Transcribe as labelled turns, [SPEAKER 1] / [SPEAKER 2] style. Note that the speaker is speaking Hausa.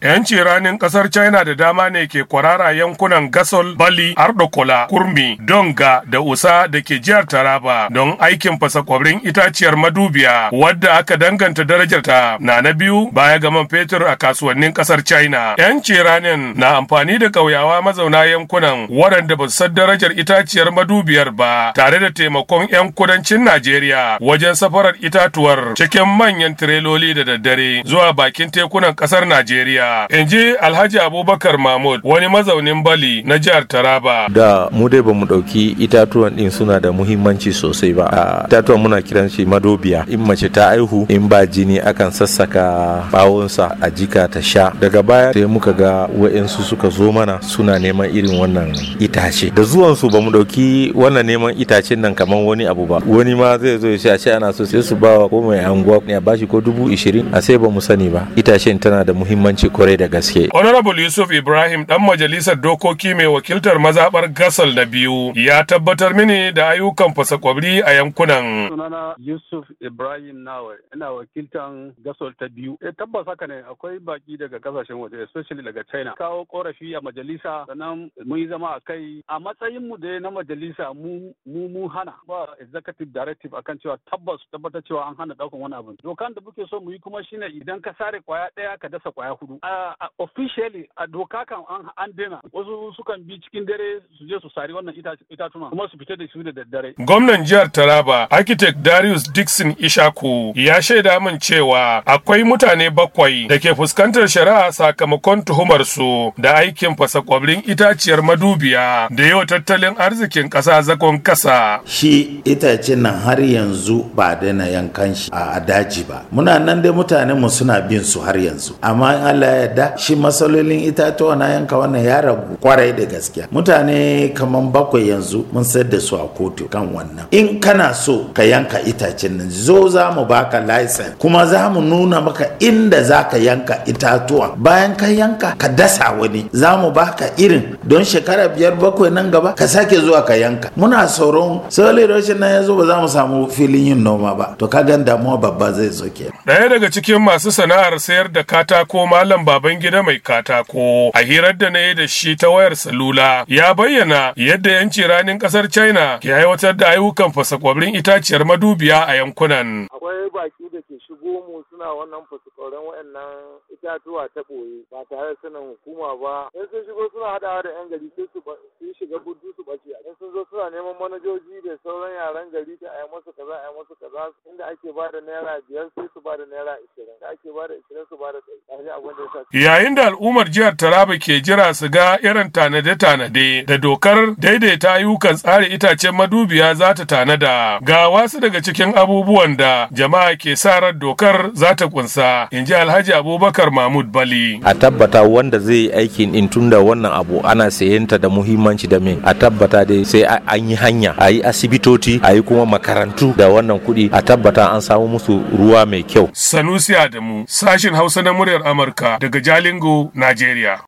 [SPEAKER 1] 'Yanci ranin kasar China da dama ne ke kwarara yankunan Gasol, Bali, Ardokola, Kurmi, Donga da Usa da ke jihar Taraba don aikin fasa kwabrin itaciyar madubiya wadda aka danganta darajarta na na biyu baya ga man fetur a kasuwannin kasar China. 'Yanci ranin na amfani da ƙauyawa mazauna yankunan waɗanda ba su san darajar itaciyar madubiyar ba tare da taimakon 'yan kudancin Najeriya wajen safarar itatuwar cikin manyan tireloli da daddare zuwa bakin tekunan kasar Najeriya. In ji Alhaji Abubakar Mahmud wani mazaunin Bali na jihar Taraba.
[SPEAKER 2] Da mu dai mu ɗauki itatuwan din suna da muhimmanci sosai ba. Itatuwan muna kiran shi madobiya. In mace ta aihu in ba jini akan sassaka bawonsa a jika ta sha. Daga baya sai muka ga wa'insu suka zo mana suna neman irin wannan itace. Da zuwansu mu ɗauki wannan neman itacen nan kamar wani abu ba. Wani ma zai zo ya a ce ana so sai su bawa ko mai anguwa ne a bashi ko dubu ishirin a sai ba mu sani ba. Itacen tana da muhimmanci Kwarai da gaske.
[SPEAKER 1] Honorable Yusuf Ibrahim dan majalisar dokoki mai wakiltar mazabar Gasal na biyu ya tabbatar mini da ayyukan fasakwabri a yankunan. Sunana Yusuf Ibrahim Nawa ina wakiltan Gasol ta biyu. E tabbas haka ne akwai baki daga kasashen waje especially daga China. Kawo korafi a majalisa sannan mun yi zama a kai a matsayin mu da na majalisa mu mu mu hana ba executive directive akan cewa tabbas tabbatar cewa an hana daukan wani abu. Dokan da muke so mu yi kuma shine idan ka sare kwaya daya ka dasa kwaya hudu. officially a doka kan an dena wasu sukan bi cikin dare su je su sari wannan itatuna kuma su fita da shi da daddare. Gwamnan jihar Taraba architect Darius Dixon Ishaku ya shaida min cewa akwai mutane bakwai da ke fuskantar shari'a sakamakon tuhumar su da aikin fasa kwabrin itaciyar madubiya da yau tattalin arzikin kasa zagon kasa.
[SPEAKER 3] Shi itace nan har yanzu ba daina yankan shi a daji ba. Muna nan dai mutanen mu suna bin su har yanzu amma Allah yarda shi masalolin itatuwa na yanka wannan ya ragu kwarai da gaskiya mutane kaman bakwai yanzu mun sayar da su a kotu kan wannan in kana so ka yanka itacen nan zo za mu baka license kuma za mu nuna maka inda za ka yanka itatuwa bayan ka yanka ka dasa wani za mu baka irin don shekara biyar bakwai nan gaba ka sake zuwa ka yanka muna tsoron sai rashin nan ya zo ba za mu samu filin yin noma ba to ka ganda damuwa babba zai zo ke.
[SPEAKER 1] Daya daga cikin masu sana'ar sayar da katako malam baban gida mai katako a hirar da na yi da shi ta wayar salula ya bayyana yadda yanci ranin kasar china ke aiwatar da ayyukan fasa itaciyar madubiya a yankunan akwai baki da ke shigo mu suna wannan fasikauran waɗannan itatuwa ta ɓoye
[SPEAKER 3] ba tare da sanin hukuma ba in sun shigo suna haɗawa da 'yan gari sai su shiga gudu su ɓace in sun zo suna neman manajoji da sauran yaran gari da a yi musu kaza a yi musu kaza inda ake
[SPEAKER 1] ba da naira biyar sai su ba da naira ishirin da ake ba da ishirin su ba da ɗari abin da ya sa. Yayin da al'ummar jihar Taraba ke jira su ga irin tanade-tanade da dokar daidaita ayyukan tsare itacen madubiya za ta tanada ga wasu daga cikin abubuwan da jama'a ke sa ran dokar za ta kunsa in ji Alhaji Abubakar Mahmud Bali.
[SPEAKER 2] A tabbata wanda zai yi aikin in tunda wannan abu ana sayenta da muhimmanci da me a tabbata dai sai an yi hanya a yi asibitoci a yi kuma makarantu da wannan kuɗi a tabbata an samu musu ruwa mai kyau.
[SPEAKER 1] Sanusi Adamu sashin Hausa na muryar Amurka daga Jalingo, Najeriya.